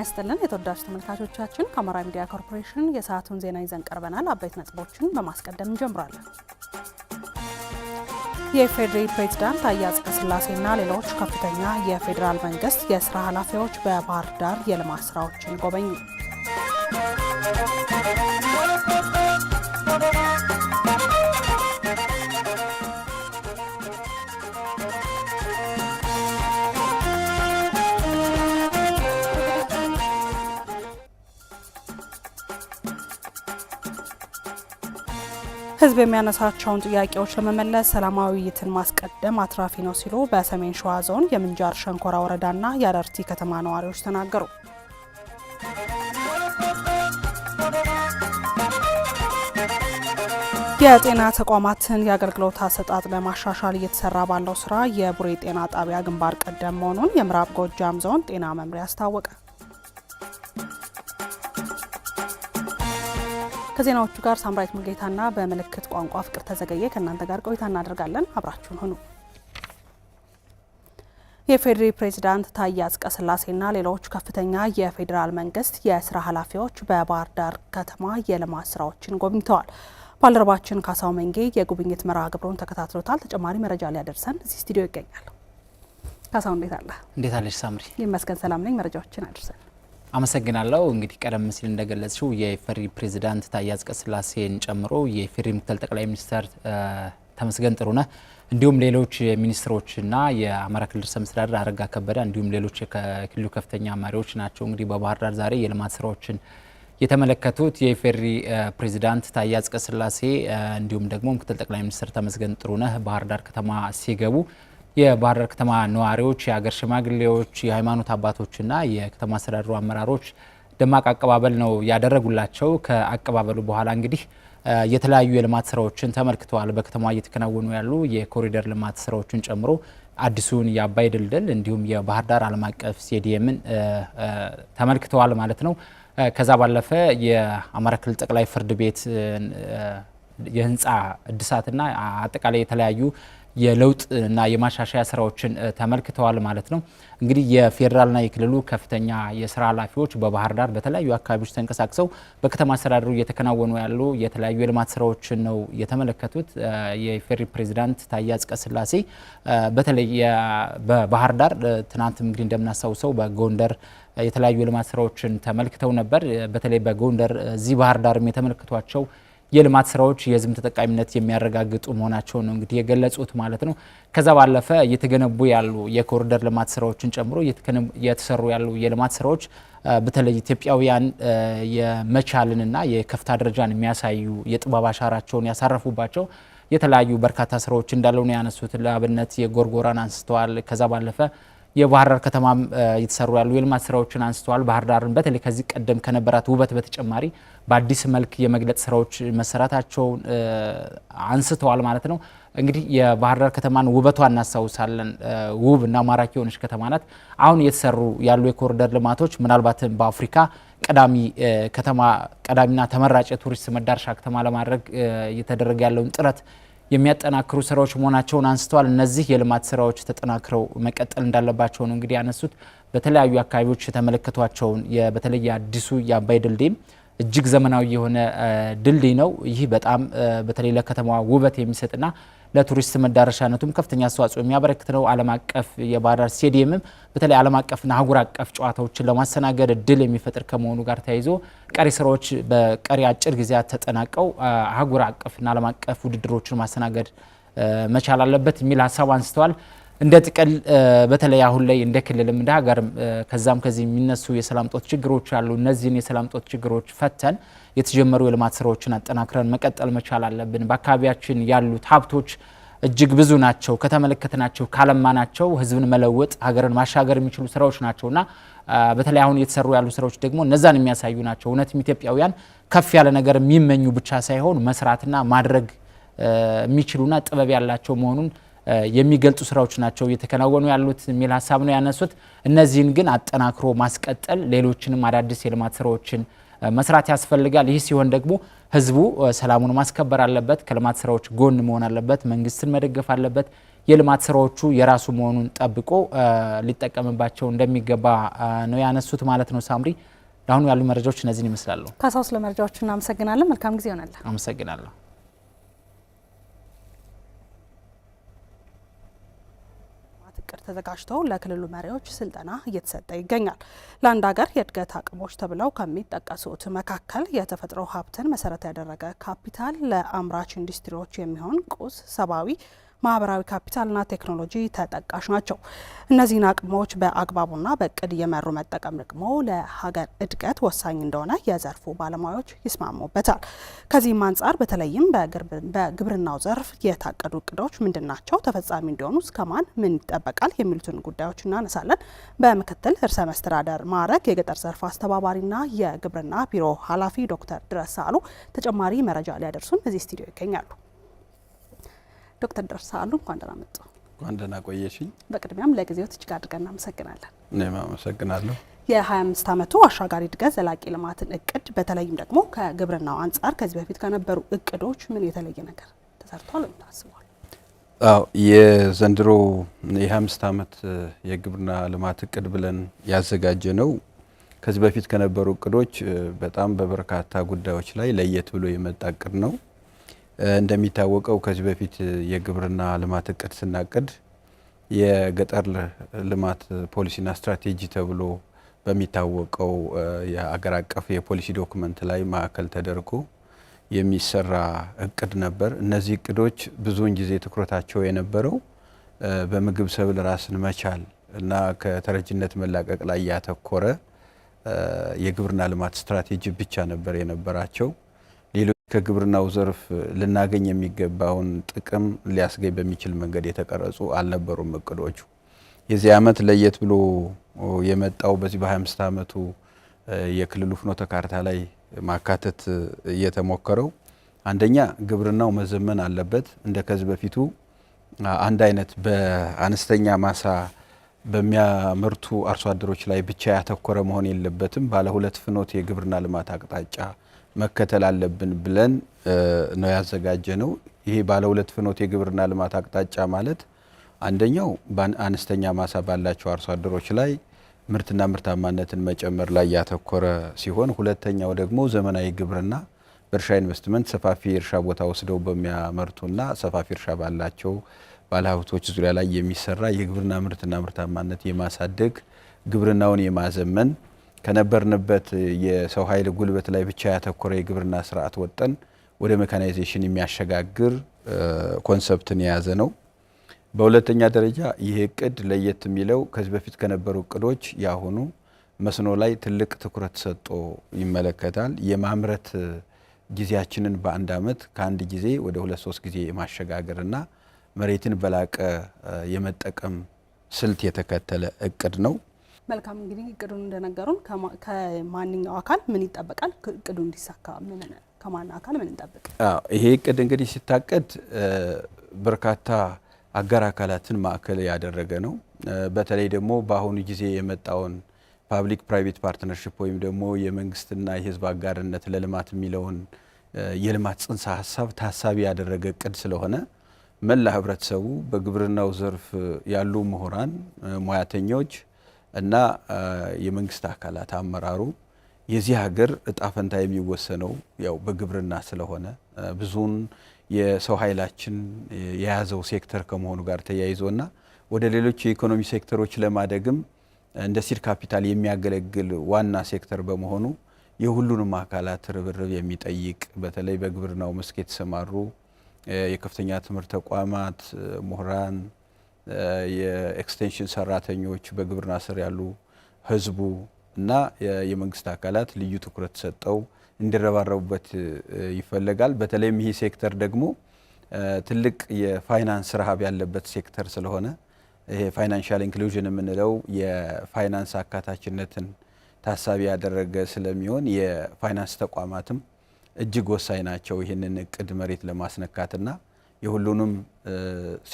ጤና ይስጥልን የተወዳጅ ተመልካቾቻችን፣ ከአማራ ሚዲያ ኮርፖሬሽን የሰዓቱን ዜና ይዘን ቀርበናል። አበይት ነጥቦችን በማስቀደም እንጀምራለን። የኢፌዴሪ ፕሬዝዳንት ታዬ አጽቀሥላሴና ሌሎች ከፍተኛ የፌዴራል መንግስት የስራ ኃላፊዎች በባህር ዳር የልማት ስራዎችን ጎበኙ። ህዝብ የሚያነሳቸውን ጥያቄዎች ለመመለስ ሰላማዊ ውይይትን ማስቀደም አትራፊ ነው ሲሉ በሰሜን ሸዋ ዞን የምንጃር ሸንኮራ ወረዳና የአረርቲ ከተማ ነዋሪዎች ተናገሩ። የጤና ተቋማትን የአገልግሎት አሰጣጥ ለማሻሻል እየተሰራ ባለው ስራ የቡሬ ጤና ጣቢያ ግንባር ቀደም መሆኑን የምዕራብ ጎጃም ዞን ጤና መምሪያ አስታወቀ። ከዜናዎቹ ጋር ሳምራይት ሙልጌታና በምልክት ቋንቋ ፍቅር ተዘገየ ከእናንተ ጋር ቆይታ እናደርጋለን። አብራችሁን ሁኑ። የፌዴሪ ፕሬዚዳንት ታዬ አጽቀሥላሴና ሌሎች ከፍተኛ የፌዴራል መንግስት የስራ ኃላፊዎች በባህር ዳር ከተማ የልማት ስራዎችን ጎብኝተዋል። ባልደረባችን ካሳው መንጌ የጉብኝት መርሃ ግብሩን ተከታትሎታል። ተጨማሪ መረጃ ሊያደርሰን እዚህ ስቱዲዮ ይገኛል። ካሳው እንዴት አለ? እንዴት አለች ሳምሪ? ይመስገን ሰላም ነኝ። መረጃዎችን አድርሰን አመሰግናለሁ። እንግዲህ ቀደም ሲል እንደገለጽሽው የኢፌዴሪ ፕሬዚዳንት ታዬ አጽቀሥላሴን ጨምሮ የኢፌዴሪ ምክትል ጠቅላይ ሚኒስትር ተመስገን ጥሩነህ እንዲሁም ሌሎች ሚኒስትሮችና የአማራ ክልል ርዕሰ መስተዳድር አረጋ ከበደ እንዲሁም ሌሎች የክልሉ ከፍተኛ መሪዎች ናቸው እንግዲህ በባህር ዳር ዛሬ የልማት ስራዎችን የተመለከቱት የኢፌዴሪ ፕሬዚዳንት ታዬ አጽቀሥላሴ እንዲሁም ደግሞ ምክትል ጠቅላይ ሚኒስትር ተመስገን ጥሩነህ ባህር ዳር ከተማ ሲገቡ የባህር ዳር ከተማ ነዋሪዎች፣ የሀገር ሽማግሌዎች፣ የሃይማኖት አባቶችና የከተማ አስተዳደሩ አመራሮች ደማቅ አቀባበል ነው ያደረጉላቸው። ከአቀባበሉ በኋላ እንግዲህ የተለያዩ የልማት ስራዎችን ተመልክተዋል። በከተማዋ እየተከናወኑ ያሉ የኮሪደር ልማት ስራዎችን ጨምሮ አዲሱን የአባይ ድልድል እንዲሁም የባህር ዳር ዓለም አቀፍ ስቴዲየምን ተመልክተዋል ማለት ነው። ከዛ ባለፈ የአማራ ክልል ጠቅላይ ፍርድ ቤት የህንፃ እድሳትና አጠቃላይ የተለያዩ የለውጥ እና የማሻሻያ ስራዎችን ተመልክተዋል ማለት ነው። እንግዲህ የፌዴራልና የክልሉ ከፍተኛ የስራ ኃላፊዎች በባህር ዳር በተለያዩ አካባቢዎች ተንቀሳቅሰው በከተማ አስተዳደሩ እየተከናወኑ ያሉ የተለያዩ የልማት ስራዎችን ነው የተመለከቱት። የፌሪ ፕሬዚዳንት ታዬ አጽቀሥላሴ በተለይ በባህር ዳር ትናንትም እንግዲህ እንደምናስታውሰው በጎንደር የተለያዩ የልማት ስራዎችን ተመልክተው ነበር። በተለይ በጎንደር እዚህ ባህር ዳርም የተመለከቷቸው የልማት ስራዎች የህዝብ ተጠቃሚነት የሚያረጋግጡ መሆናቸውን ነው እንግዲህ የገለጹት ማለት ነው። ከዛ ባለፈ እየተገነቡ ያሉ የኮሪደር ልማት ስራዎችን ጨምሮ የተሰሩ ያሉ የልማት ስራዎች በተለይ ኢትዮጵያውያን የመቻልንና የከፍታ ደረጃን የሚያሳዩ የጥበብ አሻራቸውን ያሳረፉባቸው የተለያዩ በርካታ ስራዎች እንዳለው ነው ያነሱት። ለአብነት የጎርጎራን አንስተዋል። ከዛ ባለፈ የባህር ዳር ከተማም የተሰሩ ያሉ የልማት ስራዎችን አንስተዋል። ባህር ዳርን በተለይ ከዚህ ቀደም ከነበራት ውበት በተጨማሪ በአዲስ መልክ የመግለጽ ስራዎች መሰራታቸውን አንስተዋል ማለት ነው። እንግዲህ የባህር ዳር ከተማን ውበቷ እናስታውሳለን። ውብ እና ማራኪ የሆነች ከተማ ናት። አሁን እየተሰሩ ያሉ የኮሪደር ልማቶች ምናልባትም በአፍሪካ ቀዳሚ ከተማ ቀዳሚና ተመራጭ የቱሪስት መዳረሻ ከተማ ለማድረግ እየተደረገ ያለውን ጥረት የሚያጠናክሩ ስራዎች መሆናቸውን አንስተዋል። እነዚህ የልማት ስራዎች ተጠናክረው መቀጠል እንዳለባቸው ነው እንግዲህ ያነሱት። በተለያዩ አካባቢዎች የተመለከቷቸውን በተለይ አዲሱ የአባይ ድልድይም እጅግ ዘመናዊ የሆነ ድልድይ ነው። ይህ በጣም በተለይ ለከተማዋ ውበት የሚሰጥና ለቱሪስት መዳረሻነቱም ከፍተኛ አስተዋጽኦ የሚያበረክት ነው። ዓለም አቀፍ የባህር ዳር ስቴዲየምም በተለይ ዓለም አቀፍና አህጉር አቀፍ ጨዋታዎችን ለማስተናገድ እድል የሚፈጥር ከመሆኑ ጋር ተያይዞ ቀሪ ስራዎች በቀሪ አጭር ጊዜያት ተጠናቀው አህጉር አቀፍና ዓለም አቀፍ ውድድሮችን ማስተናገድ መቻል አለበት የሚል ሀሳብ አንስተዋል። እንደ ጥቅል በተለይ አሁን ላይ እንደ ክልልም እንደ ሀገርም ከዛም ከዚህ የሚነሱ የሰላም ጦት ችግሮች አሉ። እነዚህን የሰላም ጦት ችግሮች ፈተን የተጀመሩ የልማት ስራዎችን አጠናክረን መቀጠል መቻል አለብን። በአካባቢያችን ያሉት ሀብቶች እጅግ ብዙ ናቸው። ከተመለከትናቸው ካለማናቸው ህዝብን መለወጥ ሀገርን ማሻገር የሚችሉ ስራዎች ናቸውና በተለይ አሁን እየተሰሩ ያሉ ስራዎች ደግሞ እነዛን የሚያሳዩ ናቸው። እውነትም ኢትዮጵያውያን ከፍ ያለ ነገር የሚመኙ ብቻ ሳይሆን መስራትና ማድረግ የሚችሉና ጥበብ ያላቸው መሆኑን የሚገልጡ ስራዎች ናቸው እየተከናወኑ ያሉት የሚል ሀሳብ ነው ያነሱት። እነዚህን ግን አጠናክሮ ማስቀጠል፣ ሌሎችንም አዳዲስ የልማት ስራዎችን መስራት ያስፈልጋል። ይህ ሲሆን ደግሞ ህዝቡ ሰላሙን ማስከበር አለበት፣ ከልማት ስራዎች ጎን መሆን አለበት፣ መንግስትን መደገፍ አለበት። የልማት ስራዎቹ የራሱ መሆኑን ጠብቆ ሊጠቀምባቸው እንደሚገባ ነው ያነሱት ማለት ነው። ሳምሪ፣ ለአሁኑ ያሉ መረጃዎች እነዚህን ይመስላሉ። ካሳውስ፣ ለመረጃዎቹ እናመሰግናለን። መልካም ጊዜ ይሆናል። አመሰግናለሁ። እቅድ ተዘጋጅቶ ለክልሉ መሪዎች ስልጠና እየተሰጠ ይገኛል። ለአንድ ሀገር የእድገት አቅሞች ተብለው ከሚጠቀሱት መካከል የተፈጥሮ ሀብትን መሰረት ያደረገ ካፒታል፣ ለአምራች ኢንዱስትሪዎች የሚሆን ቁስ፣ ሰብአዊ ማህበራዊ ካፒታልና ቴክኖሎጂ ተጠቃሽ ናቸው። እነዚህን አቅሞች በአግባቡና በእቅድ እየመሩ መጠቀም ደግሞ ለሀገር እድገት ወሳኝ እንደሆነ የዘርፉ ባለሙያዎች ይስማሙበታል። ከዚህም አንጻር በተለይም በግብርናው ዘርፍ የታቀዱ እቅዶች ምንድን ናቸው? ተፈጻሚ እንዲሆኑ እስከማን ምን ይጠበቃል? የሚሉትን ጉዳዮች እናነሳለን። በምክትል ርዕሰ መስተዳደር ማዕረግ የገጠር ዘርፍ አስተባባሪና የግብርና ቢሮ ኃላፊ ዶክተር ድረስ አሉ ተጨማሪ መረጃ ሊያደርሱን እዚህ ስቱዲዮ ይገኛሉ። ዶክተር ደርሳሉ እንኳን ደህና መጡ። እንኳን ደህና ቆየሽኝ። በቅድሚያም ለጊዜው እጅግ አድርገን እናመሰግናለን። እኔም አመሰግናለሁ። የ25 ዓመቱ አሻጋሪ እድገት ዘላቂ ልማትን እቅድ በተለይም ደግሞ ከግብርናው አንጻር ከዚህ በፊት ከነበሩ እቅዶች ምን የተለየ ነገር ተሰርቷል ታስቧል? አዎ የዘንድሮ የ25 ዓመት የግብርና ልማት እቅድ ብለን ያዘጋጀ ነው ከዚህ በፊት ከነበሩ እቅዶች በጣም በበርካታ ጉዳዮች ላይ ለየት ብሎ የመጣ እቅድ ነው። እንደሚታወቀው ከዚህ በፊት የግብርና ልማት እቅድ ስናቅድ የገጠር ልማት ፖሊሲና ስትራቴጂ ተብሎ በሚታወቀው የአገር አቀፍ የፖሊሲ ዶክመንት ላይ ማዕከል ተደርጎ የሚሰራ እቅድ ነበር። እነዚህ እቅዶች ብዙውን ጊዜ ትኩረታቸው የነበረው በምግብ ሰብል ራስን መቻል እና ከተረጅነት መላቀቅ ላይ ያተኮረ የግብርና ልማት ስትራቴጂ ብቻ ነበር የነበራቸው። ከግብርናው ዘርፍ ልናገኝ የሚገባውን ጥቅም ሊያስገኝ በሚችል መንገድ የተቀረጹ አልነበሩም እቅዶቹ። የዚህ ዓመት ለየት ብሎ የመጣው በዚህ በ25 ዓመቱ የክልሉ ፍኖተ ካርታ ላይ ማካተት እየተሞከረው አንደኛ ግብርናው መዘመን አለበት። እንደ ከዚህ በፊቱ አንድ አይነት በአነስተኛ ማሳ በሚያመርቱ አርሶ አደሮች ላይ ብቻ ያተኮረ መሆን የለበትም። ባለ ሁለት ፍኖት የግብርና ልማት አቅጣጫ መከተል አለብን ብለን ነው ያዘጋጀ ነው። ይሄ ባለ ሁለት ፍኖት የግብርና ልማት አቅጣጫ ማለት አንደኛው አነስተኛ ማሳ ባላቸው አርሶ አደሮች ላይ ምርትና ምርታማነትን መጨመር ላይ ያተኮረ ሲሆን ሁለተኛው ደግሞ ዘመናዊ ግብርና በእርሻ ኢንቨስትመንት ሰፋፊ እርሻ ቦታ ወስደው በሚያመርቱና ሰፋፊ እርሻ ባላቸው ባለሀብቶች ዙሪያ ላይ የሚሰራ የግብርና ምርትና ምርታማነት የማሳደግ ግብርናውን የማዘመን ከነበርንበት የሰው ኃይል ጉልበት ላይ ብቻ ያተኮረ የግብርና ስርዓት ወጠን ወደ ሜካናይዜሽን የሚያሸጋግር ኮንሰፕትን የያዘ ነው። በሁለተኛ ደረጃ ይህ እቅድ ለየት የሚለው ከዚህ በፊት ከነበሩ እቅዶች ያሁኑ መስኖ ላይ ትልቅ ትኩረት ሰጥቶ ይመለከታል። የማምረት ጊዜያችንን በአንድ ዓመት ከአንድ ጊዜ ወደ ሁለት ሶስት ጊዜ የማሸጋገርና መሬትን በላቀ የመጠቀም ስልት የተከተለ እቅድ ነው። መልካም እንግዲህ እቅዱን እንደነገሩን ከማንኛው አካል ምን ይጠበቃል? እቅዱ እንዲሳካ ምን ከማን አካል ምን እንጠብቅ? ይሄ እቅድ እንግዲህ ሲታቀድ በርካታ አጋር አካላትን ማዕከል ያደረገ ነው። በተለይ ደግሞ በአሁኑ ጊዜ የመጣውን ፓብሊክ ፕራይቬት ፓርትነርሽፕ ወይም ደግሞ የመንግስትና የህዝብ አጋርነት ለልማት የሚለውን የልማት ጽንሰ ሀሳብ ታሳቢ ያደረገ እቅድ ስለሆነ መላ ህብረተሰቡ በግብርናው ዘርፍ ያሉ ምሁራን፣ ሙያተኞች እና የመንግስት አካላት አመራሩ የዚህ ሀገር እጣ ፈንታ የሚወሰነው ያው በግብርና ስለሆነ ብዙውን የሰው ኃይላችን የያዘው ሴክተር ከመሆኑ ጋር ተያይዞና ወደ ሌሎች የኢኮኖሚ ሴክተሮች ለማደግም እንደ ሲድ ካፒታል የሚያገለግል ዋና ሴክተር በመሆኑ የሁሉንም አካላት ርብርብ የሚጠይቅ በተለይ በግብርናው መስክ የተሰማሩ የከፍተኛ ትምህርት ተቋማት ምሁራን የኤክስቴንሽን ሰራተኞች፣ በግብርና ስር ያሉ ህዝቡ እና የመንግስት አካላት ልዩ ትኩረት ሰጠው እንዲረባረቡበት ይፈለጋል። በተለይም ይህ ሴክተር ደግሞ ትልቅ የፋይናንስ ረሃብ ያለበት ሴክተር ስለሆነ ይሄ ፋይናንሻል ኢንክሉዥን የምንለው የፋይናንስ አካታችነትን ታሳቢ ያደረገ ስለሚሆን የፋይናንስ ተቋማትም እጅግ ወሳኝ ናቸው። ይህንን እቅድ መሬት ለማስነካትና የሁሉንም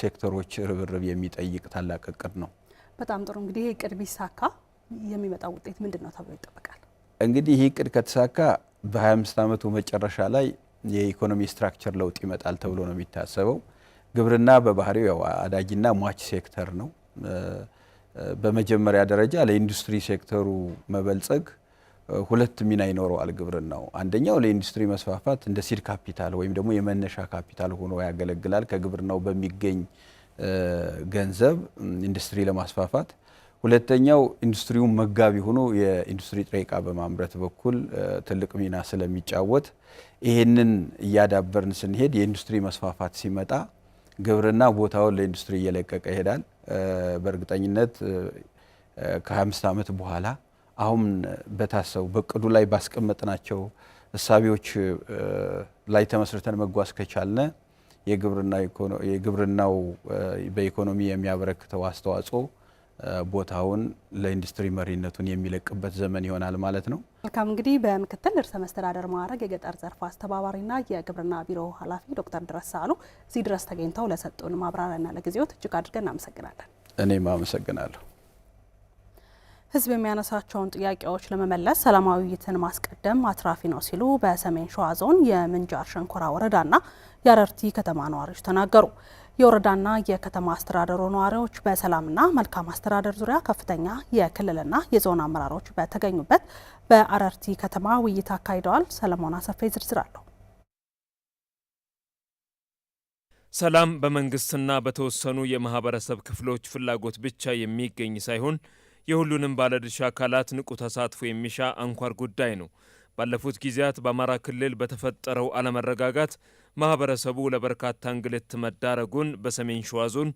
ሴክተሮች ርብርብ የሚጠይቅ ታላቅ እቅድ ነው። በጣም ጥሩ እንግዲህ ይህ እቅድ ቢሳካ የሚመጣው ውጤት ምንድን ነው ተብሎ ይጠበቃል? እንግዲህ ይህ እቅድ ከተሳካ በ25 ዓመቱ መጨረሻ ላይ የኢኮኖሚ ስትራክቸር ለውጥ ይመጣል ተብሎ ነው የሚታሰበው። ግብርና በባህሪው ያው አዳጊና ሟች ሴክተር ነው። በመጀመሪያ ደረጃ ለኢንዱስትሪ ሴክተሩ መበልጸግ ሁለት ሚና ይኖረዋል ግብርናው። አንደኛው ለኢንዱስትሪ መስፋፋት እንደ ሲድ ካፒታል ወይም ደግሞ የመነሻ ካፒታል ሆኖ ያገለግላል። ከግብርናው በሚገኝ ገንዘብ ኢንዱስትሪ ለማስፋፋት ሁለተኛው ኢንዱስትሪውን መጋቢ ሆኖ የኢንዱስትሪ ጥሬ ዕቃ በማምረት በኩል ትልቅ ሚና ስለሚጫወት ይህንን እያዳበርን ስንሄድ የኢንዱስትሪ መስፋፋት ሲመጣ ግብርና ቦታውን ለኢንዱስትሪ እየለቀቀ ይሄዳል። በእርግጠኝነት ከአምስት ዓመት በኋላ አሁን በታሰቡ በእቅዱ ላይ ባስቀመጥናቸው እሳቤዎች ላይ ተመስርተን መጓዝ ከቻለ የግብርናው በኢኮኖሚ የሚያበረክተው አስተዋጽኦ ቦታውን ለኢንዱስትሪ መሪነቱን የሚለቅበት ዘመን ይሆናል ማለት ነው። መልካም እንግዲህ በምክትል ርዕሰ መስተዳደር ማዕረግ የገጠር ዘርፍ አስተባባሪና የግብርና ቢሮ ኃላፊ ዶክተር ድረስ አሉ እዚህ ድረስ ተገኝተው ለሰጡን ማብራሪያና ለጊዜዎት እጅግ አድርገን እናመሰግናለን። እኔም አመሰግናለሁ። ህዝብ የሚያነሳቸውን ጥያቄዎች ለመመለስ ሰላማዊ ውይይትን ማስቀደም አትራፊ ነው ሲሉ በሰሜን ሸዋ ዞን የምንጃር ሸንኮራ ወረዳና የአረርቲ ከተማ ነዋሪዎች ተናገሩ። የወረዳና የከተማ አስተዳደሩ ነዋሪዎች በሰላምና መልካም አስተዳደር ዙሪያ ከፍተኛ የክልልና የዞን አመራሮች በተገኙበት በአረርቲ ከተማ ውይይት አካሂደዋል። ሰለሞን አሰፌ ዝርዝር አለው። ሰላም በመንግስትና በተወሰኑ የማህበረሰብ ክፍሎች ፍላጎት ብቻ የሚገኝ ሳይሆን የሁሉንም ባለድርሻ አካላት ንቁ ተሳትፎ የሚሻ አንኳር ጉዳይ ነው። ባለፉት ጊዜያት በአማራ ክልል በተፈጠረው አለመረጋጋት ማህበረሰቡ ለበርካታ እንግልት መዳረጉን በሰሜን ሸዋ ዞን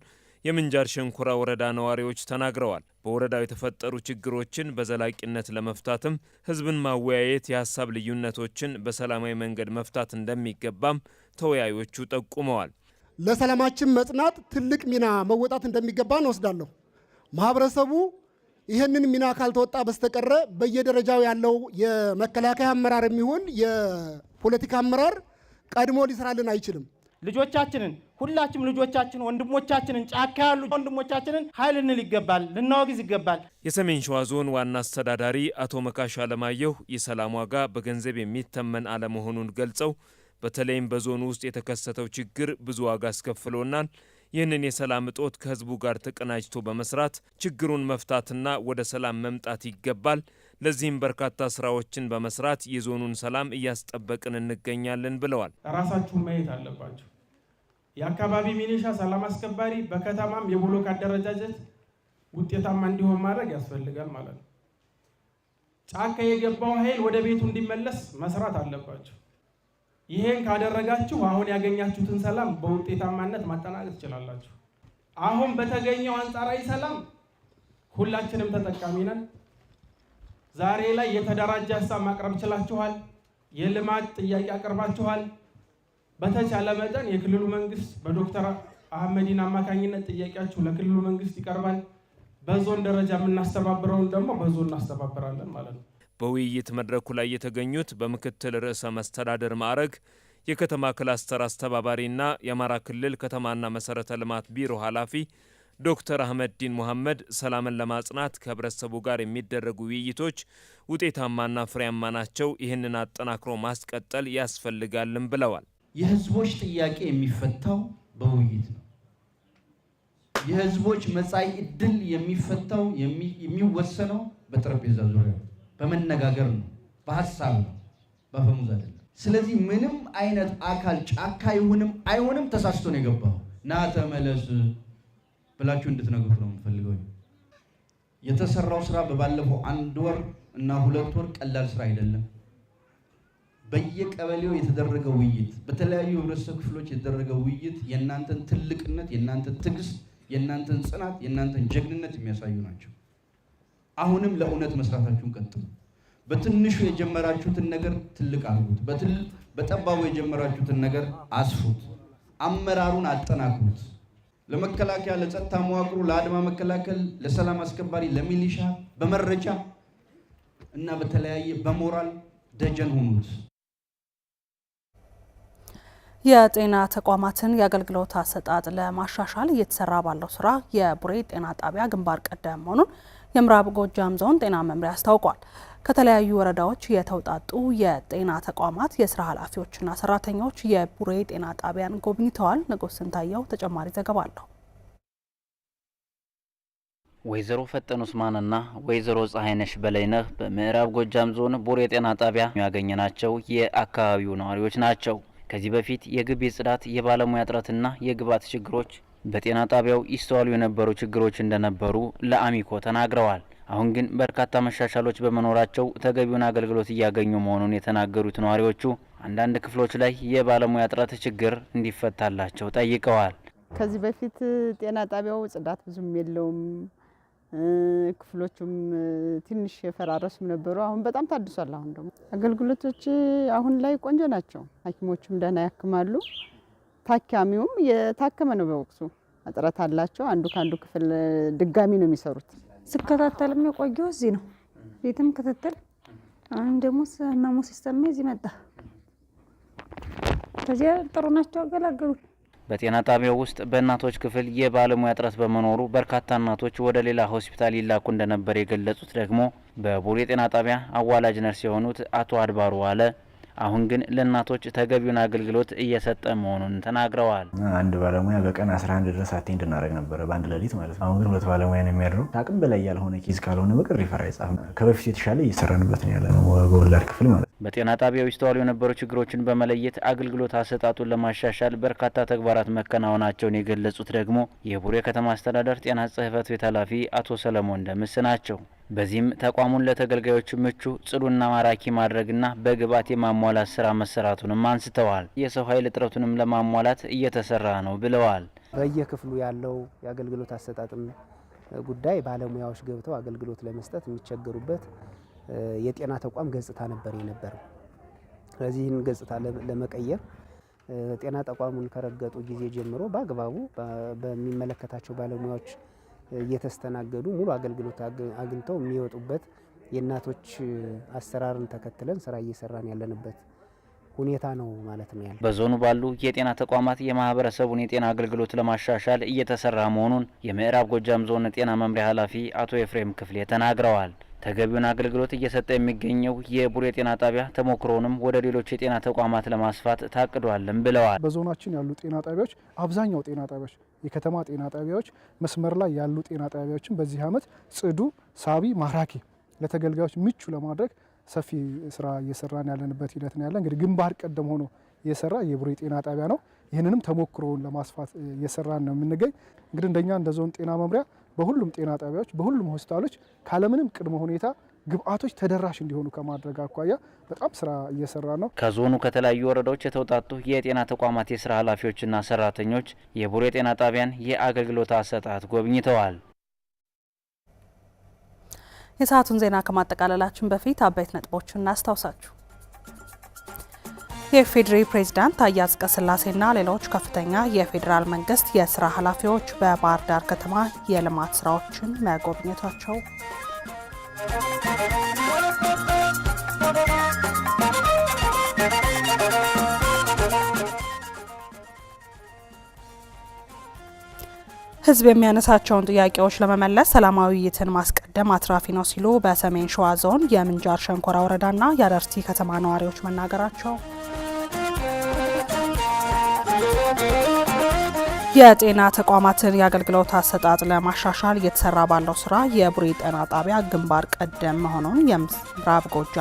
የምንጃር ሸንኮራ ወረዳ ነዋሪዎች ተናግረዋል። በወረዳው የተፈጠሩ ችግሮችን በዘላቂነት ለመፍታትም ህዝብን ማወያየት፣ የሀሳብ ልዩነቶችን በሰላማዊ መንገድ መፍታት እንደሚገባም ተወያዮቹ ጠቁመዋል። ለሰላማችን መጽናት ትልቅ ሚና መወጣት እንደሚገባ እንወስዳለሁ። ማህበረሰቡ ይህንን ሚና ካልተወጣ በስተቀረ በየደረጃው ያለው የመከላከያ አመራር የሚሆን የፖለቲካ አመራር ቀድሞ ሊሰራልን አይችልም። ልጆቻችንን ሁላችም ልጆቻችን ወንድሞቻችንን ጫካ ያሉ ወንድሞቻችንን ኃይል እንል ይገባል፣ ልናወግዝ ይገባል። የሰሜን ሸዋ ዞን ዋና አስተዳዳሪ አቶ መካሽ አለማየሁ የሰላም ዋጋ በገንዘብ የሚተመን አለመሆኑን ገልጸው በተለይም በዞኑ ውስጥ የተከሰተው ችግር ብዙ ዋጋ አስከፍሎናል ይህንን የሰላም እጦት ከህዝቡ ጋር ተቀናጅቶ በመስራት ችግሩን መፍታትና ወደ ሰላም መምጣት ይገባል። ለዚህም በርካታ ስራዎችን በመስራት የዞኑን ሰላም እያስጠበቅን እንገኛለን ብለዋል። ራሳችሁን ማየት አለባቸው። የአካባቢ ሚኒሻ ሰላም አስከባሪ፣ በከተማም የብሎክ አደረጃጀት ውጤታማ እንዲሆን ማድረግ ያስፈልጋል ማለት ነው። ጫካ የገባው ኃይል ወደ ቤቱ እንዲመለስ መስራት አለባቸው። ይሄን ካደረጋችሁ አሁን ያገኛችሁትን ሰላም በውጤታማነት ማጠናቀቅ ትችላላችሁ። አሁን በተገኘው አንጻራዊ ሰላም ሁላችንም ተጠቃሚ ነን። ዛሬ ላይ የተደራጀ ሀሳብ ማቅረብ ችላችኋል። የልማት ጥያቄ አቅርባችኋል። በተቻለ መጠን የክልሉ መንግስት በዶክተር አህመዲን አማካኝነት ጥያቄያችሁ ለክልሉ መንግስት ይቀርባል። በዞን ደረጃ የምናስተባብረውን ደግሞ በዞን እናስተባብራለን ማለት ነው። በውይይት መድረኩ ላይ የተገኙት በምክትል ርዕሰ መስተዳደር ማዕረግ የከተማ ክላስተር አስተባባሪና የአማራ ክልል ከተማና መሠረተ ልማት ቢሮ ኃላፊ ዶክተር አህመድ ዲን ሙሐመድ ሰላምን ለማጽናት ከህብረተሰቡ ጋር የሚደረጉ ውይይቶች ውጤታማና ፍሬያማ ናቸው፣ ይህንን አጠናክሮ ማስቀጠል ያስፈልጋልም ብለዋል። የህዝቦች ጥያቄ የሚፈታው በውይይት ነው። የህዝቦች መጻኢ ዕድል የሚፈታው የሚወሰነው በጠረጴዛ ዙሪያ በመነጋገር ነው፣ በሀሳብ ነው፣ በአፈሙዝ አይደለም። ስለዚህ ምንም አይነት አካል ጫካ ይሁንም አይሆንም ተሳስቶ ነው የገባው። ና ተመለስ ብላችሁ እንድትነግሩት ነው የምፈልገው። የተሰራው ስራ በባለፈው አንድ ወር እና ሁለት ወር ቀላል ስራ አይደለም። በየቀበሌው የተደረገ ውይይት፣ በተለያዩ የህብረተሰብ ክፍሎች የተደረገ ውይይት የእናንተን ትልቅነት፣ የእናንተን ትዕግስት፣ የእናንተን ጽናት፣ የእናንተን ጀግንነት የሚያሳዩ ናቸው። አሁንም ለእውነት መስራታችሁን ቀጥሉ። በትንሹ የጀመራችሁትን ነገር ትልቅ አድርጉት። በትል በጠባቡ የጀመራችሁትን ነገር አስፉት። አመራሩን አጠናክሩት። ለመከላከያ፣ ለጸጥታ መዋቅሩ፣ ለአድማ መከላከል፣ ለሰላም አስከባሪ፣ ለሚሊሻ በመረጃ እና በተለያየ በሞራል ደጀን ሆኑት። የጤና ተቋማትን የአገልግሎት አሰጣጥ ለማሻሻል እየተሰራ ባለው ስራ የቡሬ ጤና ጣቢያ ግንባር ቀደም መሆኑን የምዕራብ ጎጃም ዞን ጤና መምሪያ አስታውቋል። ከተለያዩ ወረዳዎች የተውጣጡ የጤና ተቋማት የስራ ኃላፊዎችና ሰራተኞች የቡሬ ጤና ጣቢያን ጎብኝተዋል። ንጉስ ስንታየው ተጨማሪ ዘገባ አለው። ወይዘሮ ፈጠኑ ኡስማንና ወይዘሮ ፀሐይነሽ በላይነህ በምዕራብ ጎጃም ዞን ቡሬ ጤና ጣቢያ ያገኘናቸው የአካባቢው ነዋሪዎች ናቸው። ከዚህ በፊት የግቢ ጽዳት፣ የባለሙያ እጥረትና የግብዓት ችግሮች በጤና ጣቢያው ይስተዋሉ የነበሩ ችግሮች እንደነበሩ ለአሚኮ ተናግረዋል። አሁን ግን በርካታ መሻሻሎች በመኖራቸው ተገቢውን አገልግሎት እያገኙ መሆኑን የተናገሩት ነዋሪዎቹ አንዳንድ ክፍሎች ላይ የባለሙያ እጥረት ችግር እንዲፈታላቸው ጠይቀዋል። ከዚህ በፊት ጤና ጣቢያው ጽዳት ብዙም የለውም፣ ክፍሎቹም ትንሽ የፈራረሱም ነበሩ። አሁን በጣም ታድሷል። አሁን ደግሞ አገልግሎቶች አሁን ላይ ቆንጆ ናቸው። ሐኪሞቹም ደህና ያክማሉ። ታካሚውም የታከመ ነው በወቅቱ እጥረት አላቸው። አንዱ ከአንዱ ክፍል ድጋሚ ነው የሚሰሩት። ስከታተልም የቆየው እዚህ ነው፣ ቤትም ክትትል። አሁንም ደግሞ ህመሙ ሲሰማ እዚህ መጣ። ከዚያ ጥሩ ናቸው አገላገሉ። በጤና ጣቢያው ውስጥ በእናቶች ክፍል የባለሙያ እጥረት በመኖሩ በርካታ እናቶች ወደ ሌላ ሆስፒታል ይላኩ እንደነበር የገለጹት ደግሞ በቡሬ ጤና ጣቢያ አዋላጅ ነርስ የሆኑት አቶ አድባሩ አለ አሁን ግን ለእናቶች ተገቢውን አገልግሎት እየሰጠ መሆኑን ተናግረዋል። አንድ ባለሙያ በቀን 11 ድረስ አቴንድ እናደርግ ነበረ በአንድ ሌሊት ማለት ነው። አሁን ግን ሁለት ባለሙያ ነው የሚያድረው። አቅም በላይ ያልሆነ ኬዝ ካልሆነ በቀር ሪፈር አይጻፍም። ከበፊት የተሻለ እየሰራንበት ነው ያለ ነው በወላድ ክፍል ማለት ነው። በጤና ጣቢያው ይስተዋሉ የነበሩ ችግሮችን በመለየት አገልግሎት አሰጣጡን ለማሻሻል በርካታ ተግባራት መከናወናቸውን የገለጹት ደግሞ የቡሬ ከተማ አስተዳደር ጤና ጽህፈት ቤት ኃላፊ አቶ ሰለሞን ደምስ ናቸው። በዚህም ተቋሙን ለተገልጋዮቹ ምቹ ጽዱና ማራኪ ማድረግና በግብዓት የማሟላት ስራ መሰራቱንም አንስተዋል። የሰው ኃይል እጥረቱንም ለማሟላት እየተሰራ ነው ብለዋል። በየክፍሉ ያለው የአገልግሎት አሰጣጥም ጉዳይ ባለሙያዎች ገብተው አገልግሎት ለመስጠት የሚቸገሩበት የጤና ተቋም ገጽታ ነበር የነበረው። ስለዚህን ገጽታ ለመቀየር ጤና ተቋሙን ከረገጡ ጊዜ ጀምሮ በአግባቡ በሚመለከታቸው ባለሙያዎች እየተስተናገዱ ሙሉ አገልግሎት አግኝተው የሚወጡበት የእናቶች አሰራርን ተከትለን ስራ እየሰራን ያለንበት ሁኔታ ነው ማለት ነው ያለ። በዞኑ ባሉ የጤና ተቋማት የማህበረሰቡን የጤና አገልግሎት ለማሻሻል እየተሰራ መሆኑን የምዕራብ ጎጃም ዞን ጤና መምሪያ ኃላፊ አቶ ኤፍሬም ክፍሌ ተናግረዋል። ተገቢውን አገልግሎት እየሰጠ የሚገኘው የቡሬ ጤና ጣቢያ ተሞክሮንም ወደ ሌሎች የጤና ተቋማት ለማስፋት ታቅዷልም ብለዋል። በዞናችን ያሉ ጤና ጣቢያዎች አብዛኛው ጤና ጣቢያዎች የከተማ ጤና ጣቢያዎች መስመር ላይ ያሉ ጤና ጣቢያዎችን በዚህ ዓመት ጽዱ፣ ሳቢ፣ ማራኪ ለተገልጋዮች ምቹ ለማድረግ ሰፊ ስራ እየሰራን ያለንበት ሂደት ነው ያለ እንግዲህ ግንባር ቀደም ሆኖ እየሰራ የቡሬ ጤና ጣቢያ ነው። ይህንንም ተሞክሮውን ለማስፋት እየሰራን ነው የምንገኝ። እንግዲህ እንደኛ እንደ ዞን ጤና መምሪያ በሁሉም ጤና ጣቢያዎች፣ በሁሉም ሆስፒታሎች ካለምንም ቅድመ ሁኔታ ግብአቶች ተደራሽ እንዲሆኑ ከማድረግ አኳያ በጣም ስራ እየሰራ ነው። ከዞኑ ከተለያዩ ወረዳዎች የተውጣጡ የጤና ተቋማት የስራ ኃላፊዎችና ሰራተኞች የቡሬ ጤና ጣቢያን የአገልግሎት አሰጣት ጎብኝተዋል። የሰዓቱን ዜና ከማጠቃለላችን በፊት አበይት ነጥቦችን እናስታውሳችሁ። የኢፌዴሪ ፕሬዝዳንት ታዬ አጽቀሥላሴና ሌሎች ከፍተኛ የፌዴራል መንግስት የስራ ኃላፊዎች በባህር ዳር ከተማ የልማት ስራዎችን መጎብኘታቸው ህዝብ የሚያነሳቸውን ጥያቄዎች ለመመለስ ሰላማዊ ውይይትን ማስቀደም አትራፊ ነው ሲሉ በሰሜን ሸዋ ዞን የምንጃር ሸንኮራ ወረዳና የአረርቲ ከተማ ነዋሪዎች መናገራቸው የጤና ተቋማትን የአገልግሎት አሰጣጥ ለማሻሻል እየተሰራ ባለው ስራ የቡሬ ጤና ጣቢያ ግንባር ቀደም መሆኑን የምዕራብ ጎጃ